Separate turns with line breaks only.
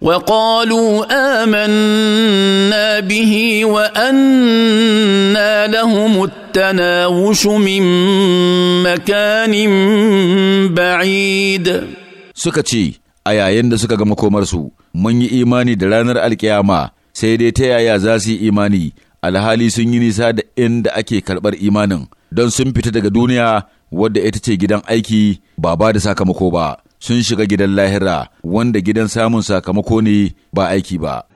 وقالوا امنا به وانى لهم التناوش من مكان
بعيد suka ce a yayin da suka ga makomarsu mun yi imani da ranar alkiyama sai dai ta yaya za su yi imani alhali sun yi nisa da inda ake karɓar imanin don sun fita daga duniya wadda ita ce gidan aiki ba ba da sakamako ba sun shiga gidan lahira wanda gidan samun
sakamako ne ba aiki ba.